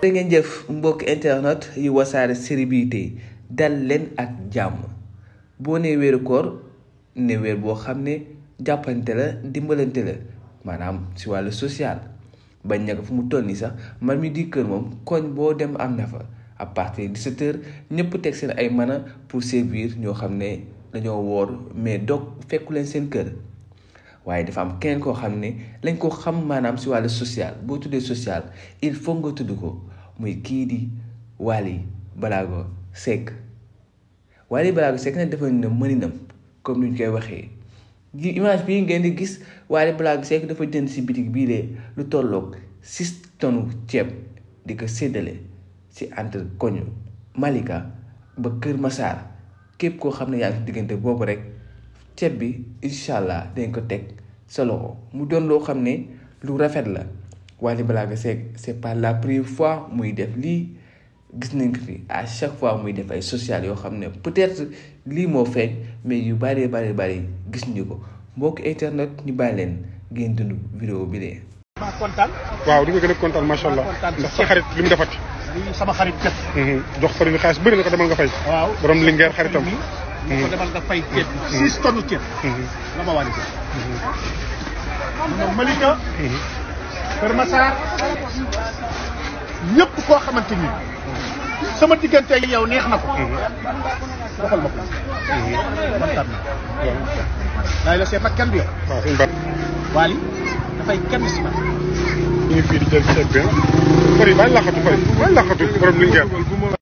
dangeen jëf mbokk internet yu wasaare célébrité dal leen ak jàmm boo nee weeru koor ne boo xam ne jàppante la dimbalante la maanaam si wàllu social bañ na fu mu toll nii sax man mi di kër moom koñ boo dem am na fa à partir de 17 ñëpp teg seen ay mana pour servir ñoo xam ne dañoo woor mais dog fekku leen seen kër. waaye dafa am keneen koo xam ne lañ ko xam maanaam si wàll social boo tuddee social il faut nga tudd ko muy kii di Wally Ballago Seck Wally Ballago Seck nag dafa ne mëninam comme ni ñu koy waxee image bii ngeen di gis Wally Ballago Seck dafa jënd si bitig bii de lu tolloog six ceeb di ko séddale si entre koñu Malika ba Kër Massar képp koo xam ne yaa ngi diggante boobu rek ceeb bi incha dañ ko teg sa loxo mu doon loo xam ne lu rafet la Wally Ballago Seck c'est pas la première fois muy def lii gis nañ ko fi à chaque fois muy def ay social yoo xam ne peut-être lii moo feeñ mais yu bari bari bari gis ñu ko mbokk internet ñu bàyyi leen ngeen dund vidéo bi de. maa kontaan. waaw di nga gën a kontaan macha allah. ndax sa xarit li mu defati. sama xarit def. Mhm. jox sëriñ xaalis bëri na ko demal nga fay. waaw borom lingeer xaritam. mu ko demal nga fay ceeb bi eh. six tonnes ceeb. la ma wàññi ko. Eh. moom Malika. Eh. Kër Massar. ñëpp koo xamante ni. sama diggante ak yow neex na ko. waxal ma ko. waxtaan na. la seet nag kenn du yow. waaw suñu bàq. Waly dafay kenn si man. ñu ngi fii di jël ceeb bi ah. Fary maa ngi laqatu Fary maa ngi laqatu borom Linguère.